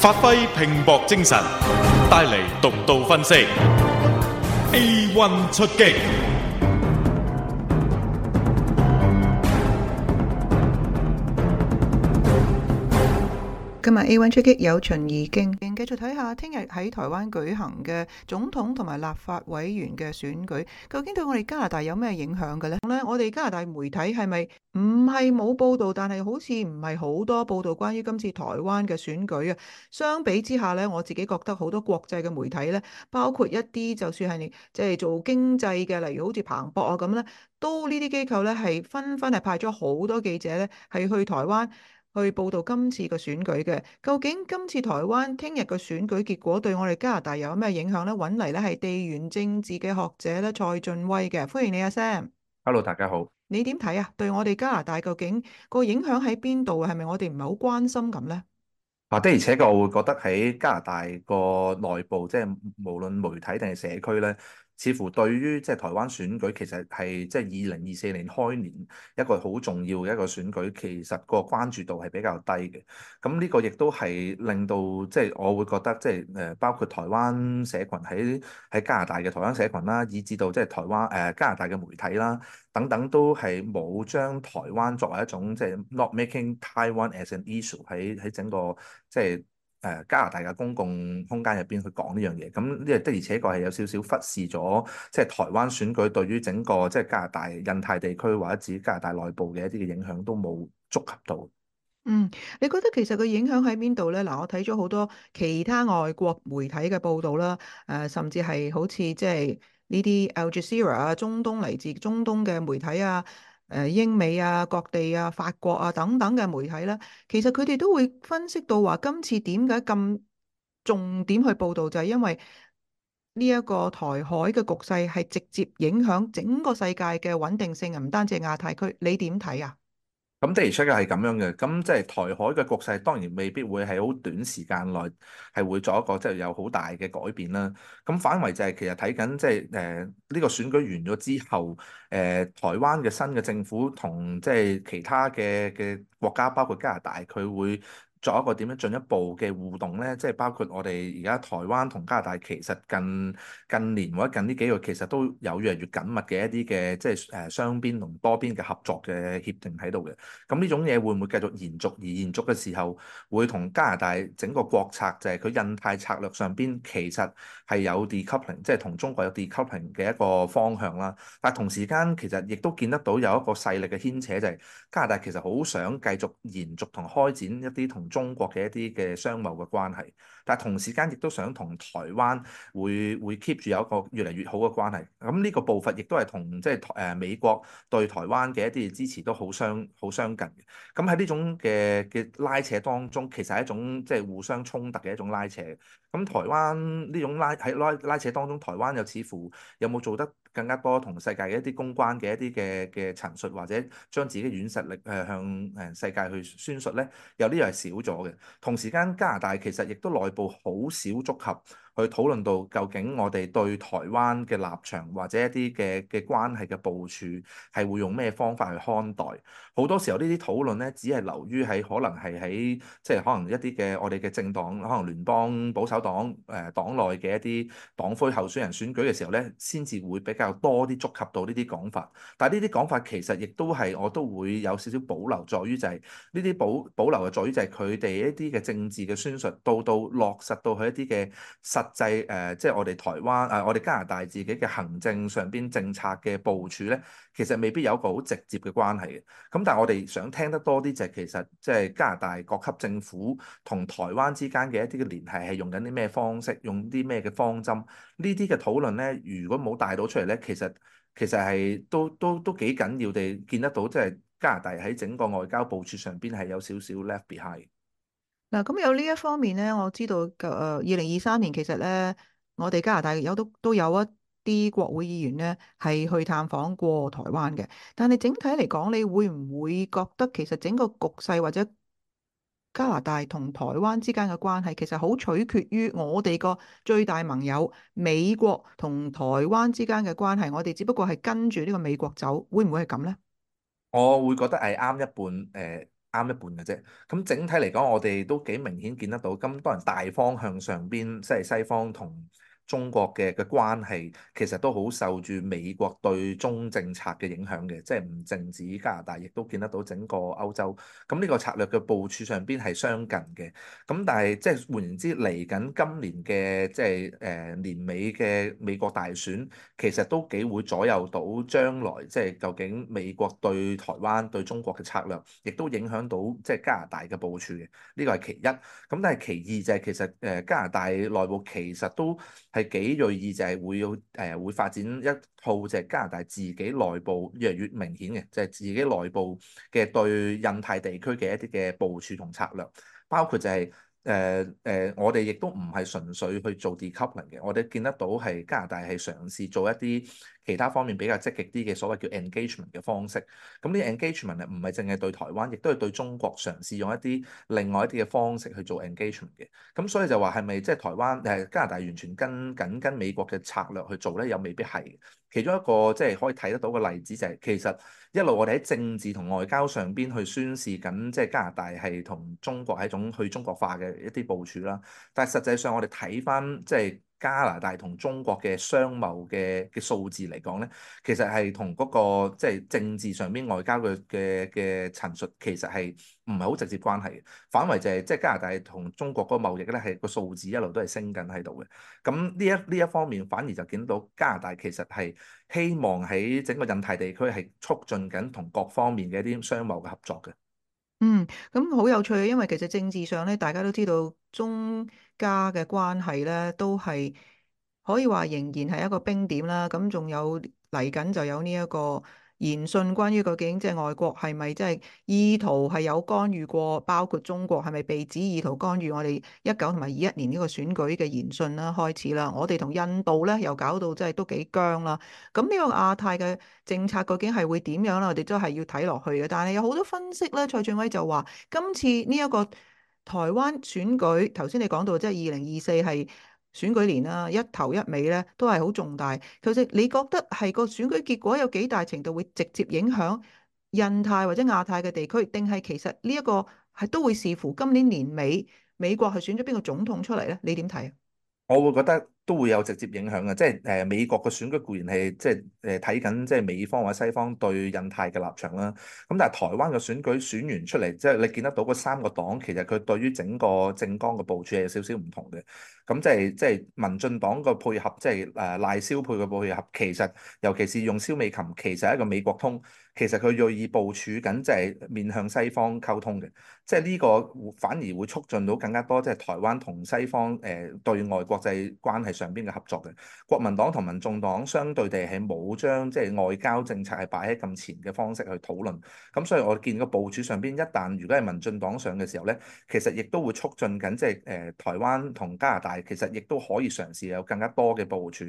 發揮拼搏精神，帶嚟獨到分析。A one 出擊。今日 A1 出擊有秦怡敬，繼續睇下聽日喺台灣舉行嘅總統同埋立法委員嘅選舉，究竟對我哋加拿大有咩影響嘅咧？咧我哋加拿大媒體係咪唔係冇報道，但係好似唔係好多報道關於今次台灣嘅選舉啊？相比之下咧，我自己覺得好多國際嘅媒體咧，包括一啲就算係你即係做經濟嘅，例如好似彭博啊咁咧，都機呢啲機構咧係紛紛係派咗好多記者咧係去台灣。去報道今次個選舉嘅，究竟今次台灣聽日個選舉結果對我哋加拿大有咩影響呢？搵嚟咧係地緣政治嘅學者咧蔡俊威嘅，歡迎你啊 Sam。Hello，大家好。你點睇啊？對我哋加拿大究竟個影響喺邊度啊？係咪我哋唔係好關心咁呢？啊的而且確我會覺得喺加拿大個內部，即係無論媒體定係社區呢。似乎對於即係台灣選舉，其實係即係二零二四年開年一個好重要嘅一個選舉，其實個關注度係比較低嘅。咁呢個亦都係令到即係我會覺得即係誒，包括台灣社群喺喺加拿大嘅台灣社群啦，以至到即係台灣誒、呃、加拿大嘅媒體啦等等，都係冇將台灣作為一種即係 not making Taiwan as an issue 喺喺整個即係。誒、呃、加拿大嘅公共空間入邊去講呢樣嘢，咁呢個的而且確係有少少忽視咗，即係台灣選舉對於整個即係加拿大印太地區或者甚至加拿大內部嘅一啲嘅影響都冇觸及到。嗯，你覺得其實個影響喺邊度咧？嗱、嗯，我睇咗好多其他外國媒體嘅報導啦，誒、呃，甚至係好似即係呢啲 Al Jazeera 啊，中東嚟自中東嘅媒體啊。誒英美啊，各地啊，法國啊等等嘅媒體咧，其實佢哋都會分析到話，今次點解咁重點去報導，就係因為呢一個台海嘅局勢係直接影響整個世界嘅穩定性啊，唔單止亞太區，你點睇啊？咁的而且確係咁樣嘅，咁即係台海嘅局勢，當然未必會係好短時間內係會作一個即係有好大嘅改變啦。咁反為就係其實睇緊即係誒呢個選舉完咗之後，誒、呃、台灣嘅新嘅政府同即係其他嘅嘅國家，包括加拿大，佢會。作一個點樣進一步嘅互動呢？即係包括我哋而家台灣同加拿大其實近近年或者近呢幾個月其實都有越嚟越緊密嘅一啲嘅即係誒雙邊同多邊嘅合作嘅協定喺度嘅。咁呢種嘢會唔會繼續延續而延續嘅時候，會同加拿大整個國策就係佢印太策略上邊其實係有 decoupling 即係同中國有 decoupling 嘅一個方向啦。但同時間其實亦都見得到有一個勢力嘅牽扯，就係加拿大其實好想繼續延續同開展一啲同。中國嘅一啲嘅商貿嘅關係，但係同時間亦都想同台灣會會 keep 住有一個越嚟越好嘅關係。咁、嗯、呢、呢個步伐亦都係同即係台誒美國對台灣嘅一啲支持都好相好相近嘅。咁喺呢種嘅嘅拉扯當中，其實係一種即係互相衝突嘅一種拉扯。咁、嗯、台灣呢種拉喺拉拉扯當中，台灣又似乎有冇做得更加多同世界嘅一啲公關嘅一啲嘅嘅陳述，或者將自己軟實力誒向誒世界去宣述咧，有啲又係少咗嘅。同時間加拿大其實亦都內部好少觸及。去討論到究竟我哋對台灣嘅立場或者一啲嘅嘅關係嘅部署係會用咩方法去看待？好多時候呢啲討論呢，只係流於喺可能係喺即係可能一啲嘅我哋嘅政黨，可能聯邦保守黨誒、呃、黨內嘅一啲黨魁候選人選舉嘅時候呢，先至會比較多啲觸及到呢啲講法。但係呢啲講法其實亦都係我都會有少少保留，在於就係呢啲保保留嘅在於就係佢哋一啲嘅政治嘅宣述，到到落實到佢一啲嘅實際誒，即係我哋台灣誒、呃，我哋加拿大自己嘅行政上邊政策嘅部署咧，其實未必有一個好直接嘅關係嘅。咁但係我哋想聽得多啲、就係，就其實即係加拿大各級政府同台灣之間嘅一啲嘅聯繫，係用緊啲咩方式，用啲咩嘅方針？呢啲嘅討論咧，如果冇帶到出嚟咧，其實其實係都都都幾緊要地見得到，即係加拿大喺整個外交部署上邊係有少少 left behind。嗱，咁有呢一方面咧，我知道嘅誒，二零二三年其實咧，我哋加拿大有都都有一啲國會議員咧，係去探訪過台灣嘅。但係整體嚟講，你會唔會覺得其實整個局勢或者加拿大同台灣之間嘅關係，其實好取決於我哋個最大盟友美國同台灣之間嘅關係。我哋只不過係跟住呢個美國走，會唔會係咁呢？我會覺得係啱一半誒。呃啱一半嘅啫，咁整體嚟講，我哋都幾明顯見得到咁多人大方向上邊，即係西方同中國嘅嘅關係其實都好受住美國對中政策嘅影響嘅，即係唔淨止加拿大，亦都見得到整個歐洲。咁呢個策略嘅部署上邊係相近嘅。咁但係即係換言之，嚟緊今年嘅即係誒、呃、年尾嘅美國大選，其實都幾會左右到將來，即係究竟美國對台灣對中國嘅策略，亦都影響到即係加拿大嘅部署嘅。呢、這個係其一。咁但係其二就係、是、其實誒、呃、加拿大內部其實都係。係幾鋭意就係會有誒，會發展一套就係加拿大自己內部越嚟越明顯嘅，就係、是、自己內部嘅對印太地區嘅一啲嘅部署同策略，包括就係、是。誒誒、呃呃，我哋亦都唔係純粹去做 decoupling 嘅，我哋見得到係加拿大係嘗試做一啲其他方面比較積極啲嘅所謂叫 engagement 嘅方式。咁呢啲 engagement 啊，唔係淨係對台灣，亦都係對中國嘗試用一啲另外一啲嘅方式去做 engagement 嘅。咁所以就話係咪即係台灣誒加拿大完全跟緊跟美國嘅策略去做呢？又未必係。其中一個即係可以睇得到嘅例子就係、是、其實一路我哋喺政治同外交上面去宣示緊，即係加拿大係同中國係一種去中國化嘅。一啲部署啦，但係實際上我哋睇翻即係加拿大同中國嘅商貿嘅嘅數字嚟講咧，其實係同嗰個即係、就是、政治上邊外交嘅嘅嘅陳述其實，係唔係好直接關係，嘅，反為就係即係加拿大同中國個貿易咧係個數字一路都係升緊喺度嘅。咁呢一呢一方面反而就見到加拿大其實，係希望喺整個印太地區，係促進緊同各方面嘅一啲商貿嘅合作嘅。嗯，咁好有趣，因為其實政治上咧，大家都知道中加嘅關係咧，都係可以話仍然係一個冰點啦。咁仲有嚟緊就有呢一個。研訊關於究竟即係外國係咪即係意圖係有干預過，包括中國係咪被指意圖干預我哋一九同埋二一年呢個選舉嘅研訊啦，開始啦，我哋同印度咧又搞到真係都幾僵啦。咁呢個亞太嘅政策究竟係會點樣啦？我哋都係要睇落去嘅。但係有好多分析咧，蔡俊威就話今次呢一個台灣選舉，頭先你講到即係二零二四係。選舉年啦，一頭一尾咧都係好重大。其實你覺得係個選舉結果有幾大程度會直接影響印太或者亞太嘅地區？定係其實呢、這、一個係都會視乎今年年尾美國係選咗邊個總統出嚟咧？你點睇啊？我會覺得。都會有直接影響嘅，即係誒、呃、美國嘅選舉固然係即係誒睇緊即係美方或者西方對印太嘅立場啦。咁但係台灣嘅選舉選完出嚟，即係你見得到嗰三個黨，其實佢對於整個政綱嘅部署係有少少唔同嘅。咁、就是、即係即係民進黨嘅配合，即係誒、呃、賴蕭配嘅配合，其實尤其是用蕭美琴，其實係一個美國通，其實佢銳意部署緊，即、就、係、是、面向西方溝通嘅。即係呢個反而會促進到更加多，即係台灣同西方誒、呃、對外國際關係上邊嘅合作嘅。國民黨同民眾黨相對地係冇將即係外交政策係擺喺咁前嘅方式去討論。咁所以我見個部署上邊，一旦如果係民進黨上嘅時候咧，其實亦都會促進緊即係誒、呃、台灣同加拿大，其實亦都可以嘗試有更加多嘅部署。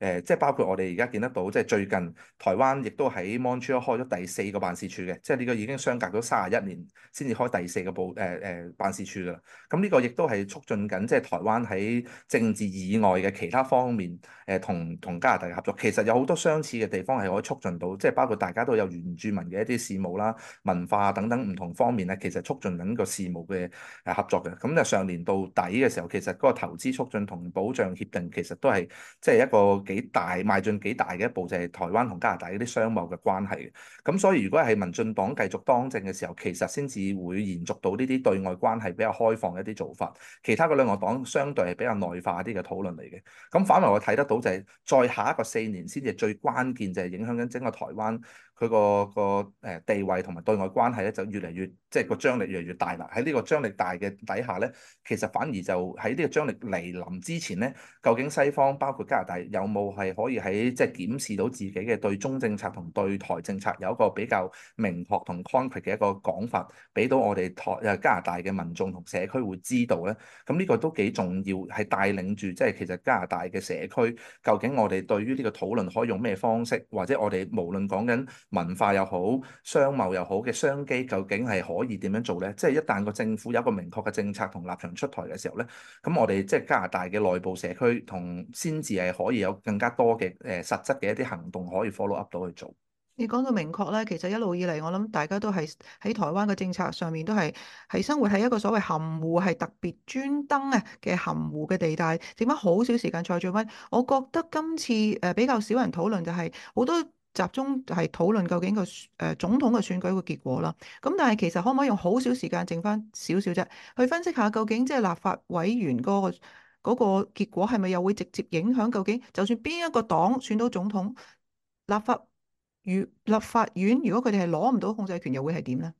誒，即係包括我哋而家見得到，即係最近台灣亦都喺 Montreal 開咗第四個辦事處嘅，即係呢個已經相隔咗三十一年先至開第四個部誒誒辦事處啦。咁呢個亦都係促進緊，即係台灣喺政治以外嘅其他方面誒，同同加拿大合作。其實有好多相似嘅地方係可以促進到，即係包括大家都有原住民嘅一啲事務啦、文化等等唔同方面咧，其實促進緊個事務嘅誒合作嘅。咁就上年到底嘅時候，其實嗰個投資促進同保障協定其實都係即係一個。幾大邁進幾大嘅一步，就係、是、台灣同加拿大嗰啲商貿嘅關係。咁所以如果係民進黨繼續當政嘅時候，其實先至會延續到呢啲對外關係比較開放嘅一啲做法。其他嗰兩個黨相對係比較內化啲嘅討論嚟嘅。咁反為我睇得到就係、是，再下一個四年先至最關鍵，就係影響緊整個台灣。佢個個誒地位同埋對外關係咧，就越嚟越即係個張力越嚟越大啦。喺呢個張力大嘅底下咧，其實反而就喺呢個張力嚟臨之前咧，究竟西方包括加拿大有冇係可以喺即係檢視到自己嘅對中政策同對台政策有一個比較明確同 concrete 嘅一個講法，俾到我哋台誒加拿大嘅民眾同社區會知道咧？咁呢個都幾重要，係帶領住即係其實加拿大嘅社區，究竟我哋對於呢個討論可以用咩方式，或者我哋無論講緊。文化又好，商貿又好嘅商機，究竟係可以點樣做呢？即係一旦個政府有一個明確嘅政策同立場出台嘅時候呢，咁我哋即係加拿大嘅內部社區同先至係可以有更加多嘅誒實質嘅一啲行動可以 follow up 到去做。你講到明確呢，其實一路以嚟我諗大家都係喺台灣嘅政策上面都係喺生活喺一個所謂含糊係特別專登啊嘅含糊嘅地帶，點解好少時間蔡俊威？我覺得今次誒比較少人討論就係好多。集中係討論究竟個誒總統嘅選舉嘅結果啦。咁但係其實可唔可以用好少時間，剩翻少少啫，去分析下究竟即係立法委員嗰個嗰個結果係咪又會直接影響究竟，就算邊一個黨選到總統，立法院立法院如果佢哋係攞唔到控制權，又會係點咧？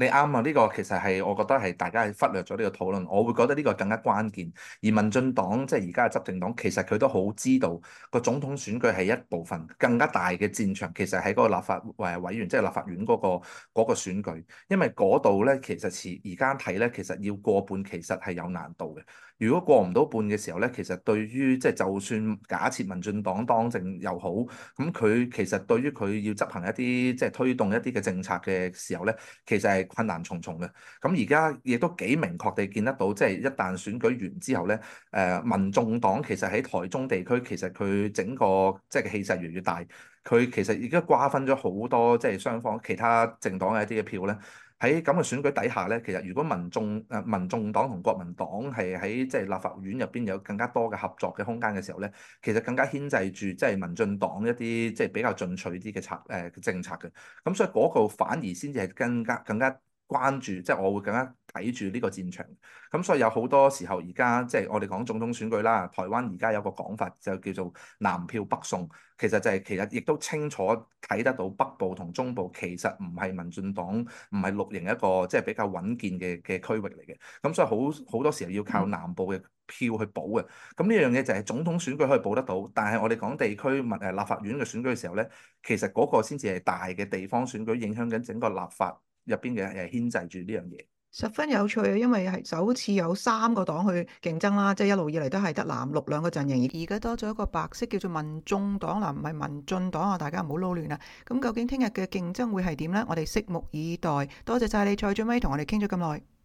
你啱啊！呢個其實係我覺得係大家係忽略咗呢個討論，我會覺得呢個更加關鍵。而民進黨即係而家嘅執政黨，其實佢都好知道個總統選舉係一部分，更加大嘅戰場其實喺嗰個立法委員，即係立法院嗰個嗰個選舉，因為嗰度呢，其實而家睇呢，其實要過半其實係有難度嘅。如果過唔到半嘅時候呢，其實對於即係就算假設民進黨當政又好，咁佢其實對於佢要執行一啲即係推動一啲嘅政策嘅時候呢，其實係，困難重重嘅，咁而家亦都幾明確地見得到，即係一旦選舉完之後呢，誒民眾黨其實喺台中地區其實佢整個即係氣勢越嚟越大，佢其實而家瓜分咗好多即係雙方其他政黨嘅一啲嘅票呢。喺咁嘅選舉底下咧，其實如果民眾誒、呃、民眾黨同國民黨係喺即係立法院入邊有更加多嘅合作嘅空間嘅時候咧，其實更加牽制住即係民進黨一啲即係比較進取啲嘅策誒政策嘅。咁所以嗰個反而先至係更加更加關注，即係我會更加。睇住呢個戰場，咁所以有好多時候，而家即係我哋講總統選舉啦。台灣而家有個講法就叫做南票北送，其實就係、是、其實亦都清楚睇得到北部同中部其實唔係民進黨唔係綠營一個即係比較穩健嘅嘅區域嚟嘅。咁所以好好，好多時候要靠南部嘅票去補嘅。咁呢樣嘢就係總統選舉可以補得到，但係我哋講地區民誒立法院嘅選舉嘅時候呢，其實嗰個先至係大嘅地方選舉，影響緊整個立法入邊嘅誒牽制住呢樣嘢。十分有趣啊，因為首次有三個黨去競爭啦，即係一路以嚟都係得藍綠兩個陣營，而家多咗一個白色叫做民眾黨嗱，唔係民進黨啊，大家唔好撈亂啊。咁究竟聽日嘅競爭會係點咧？我哋拭目以待。多謝晒你蔡俊威同我哋傾咗咁耐。